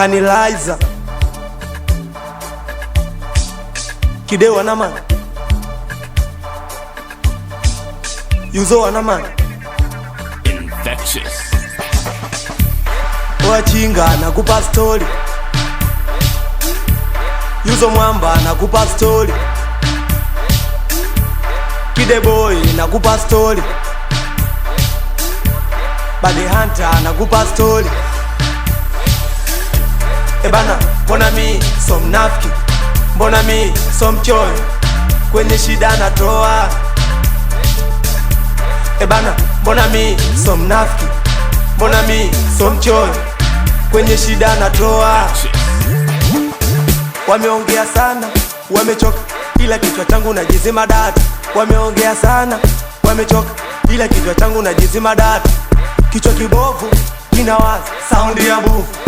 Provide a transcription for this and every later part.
Kanilaiza Kideo anamana Yuzo anamana Infectious Wachinga anakupa stori Yuzo mwamba anakupa stori Kide boy anakupa stori Bade hunter stori bana, mbona mi so mnafiki, mbona mi so mchoyo, kwenye shida natoa eh, bana, mbona mi so mnafiki, mbona mi so mchoyo, kwenye shida natoa. Wameongea sana, wamechoka, ila kichwa changu najizima data. Wameongea sana, wamechoka, ila kichwa changu najizima data. Kichwa kibovu kinawaza saundi ya bufu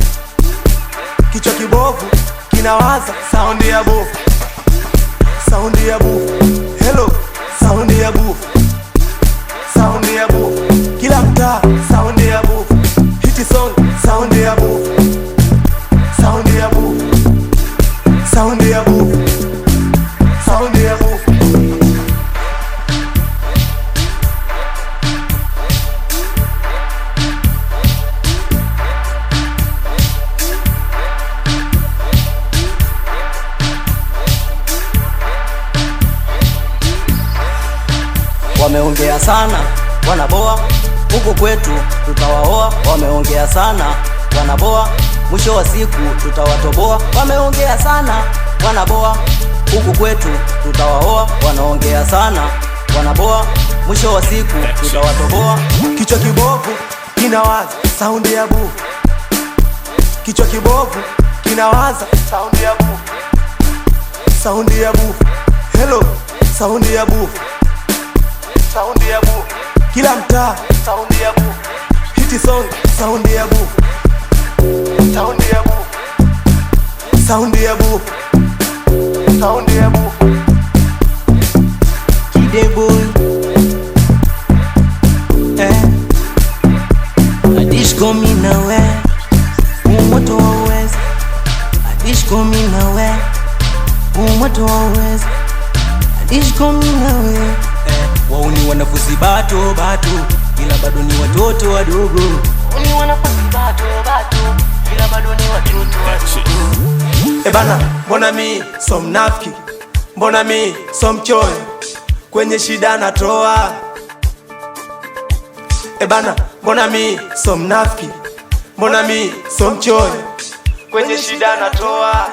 Kichwa kibovu kinawaza saundi ya bofu, saundi ya bofu, hello saundi ya bofu, saundi ya bofu, kila mtaa wameongea sana wanaboa, huko kwetu tutawaoa, wameongea sana wanaboa, mwisho wa siku tutawatoboa, wameongea sana wanaboa, huko kwetu tutawaoa, wanaongea sana wanaboa, mwisho wa siku tutawatoboa. Kichwa kibovu kinawaza saundi ya buu kichwa kibovu kinawaza saundi ya buu saundi ya buu hello saundi ya buu saundi ya bu, kila mtaa saundi ya bu, hiti song saundi ya bu, saundi ya bu, saundi ya bu, saundi ya bu, kide boy eh, adishko mi nawe umoto wa uwezi, mi umoto wa uwezi, mi wao ni wanafunzi bato bato, ila bado ni watoto wadogo. Ni wanafunzi bato bato, ila bado ni watoto wadogo. Ebana, eh, mbona mi so mnafiki, mbona mi so mchoyo, kwenye shida natoa. Ebana, eh, mbona mi so mnafiki, mbona mi so mchoyo, kwenye shida natoa.